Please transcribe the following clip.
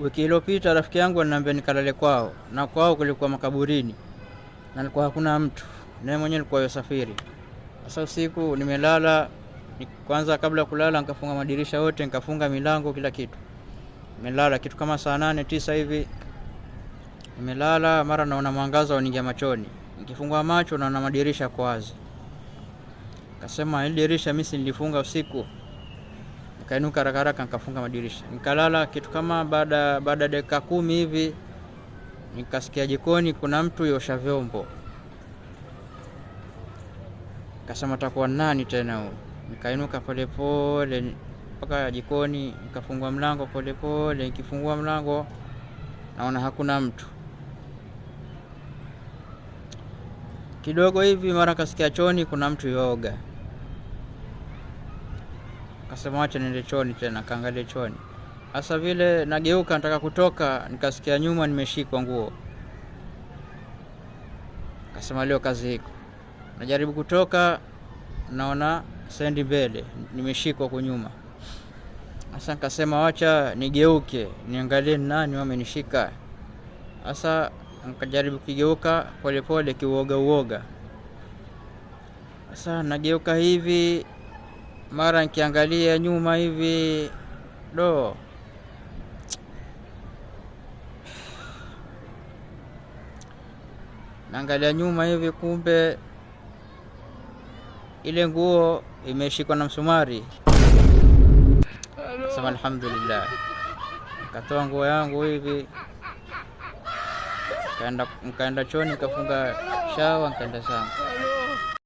Wiki iliyopita rafiki yangu ananiambia nikalale kwao, na kwao kulikuwa makaburini na nilikuwa hakuna mtu, naye mwenyewe nilikuwa yosafiri. Sasa usiku nimelala, kwanza kabla kulala nikafunga madirisha yote, nikafunga milango, kila kitu. Nimelala kitu kama saa nane tisa hivi, nimelala, mara naona mwangaza unaingia machoni, nikifungua macho naona madirisha kwa wazi. Kasema ile dirisha mimi nilifunga usiku Nikainuka haraka haraka nikafunga madirisha nikalala. Kitu kama baada baada dakika kumi hivi nikasikia jikoni kuna mtu yosha vyombo, kasema takuwa nani tena huyu. Nikainuka polepole mpaka jikoni nikafungua mlango polepole. Nikifungua mlango naona hakuna mtu. Kidogo hivi mara kasikia choni kuna mtu yoga. Akasema wacha niende chooni tena kaangalie chooni. Sasa vile nageuka nataka kutoka, nikasikia nyuma nimeshikwa nguo. Akasema leo kazi iko. Najaribu kutoka, naona sendi mbele, nimeshikwa kwa nyuma. Sasa nikasema wacha nigeuke niangalie nani wamenishika. Sasa nikajaribu kigeuka polepole, kiuoga uoga. Sasa nageuka hivi mara nikiangalia nyuma hivi do naangalia nyuma hivi, kumbe ile nguo imeshikwa na msumari. Sema alhamdulillah, katoa nguo yangu hivi, nkaenda choni nkafunga shawa, nkaenda zangu.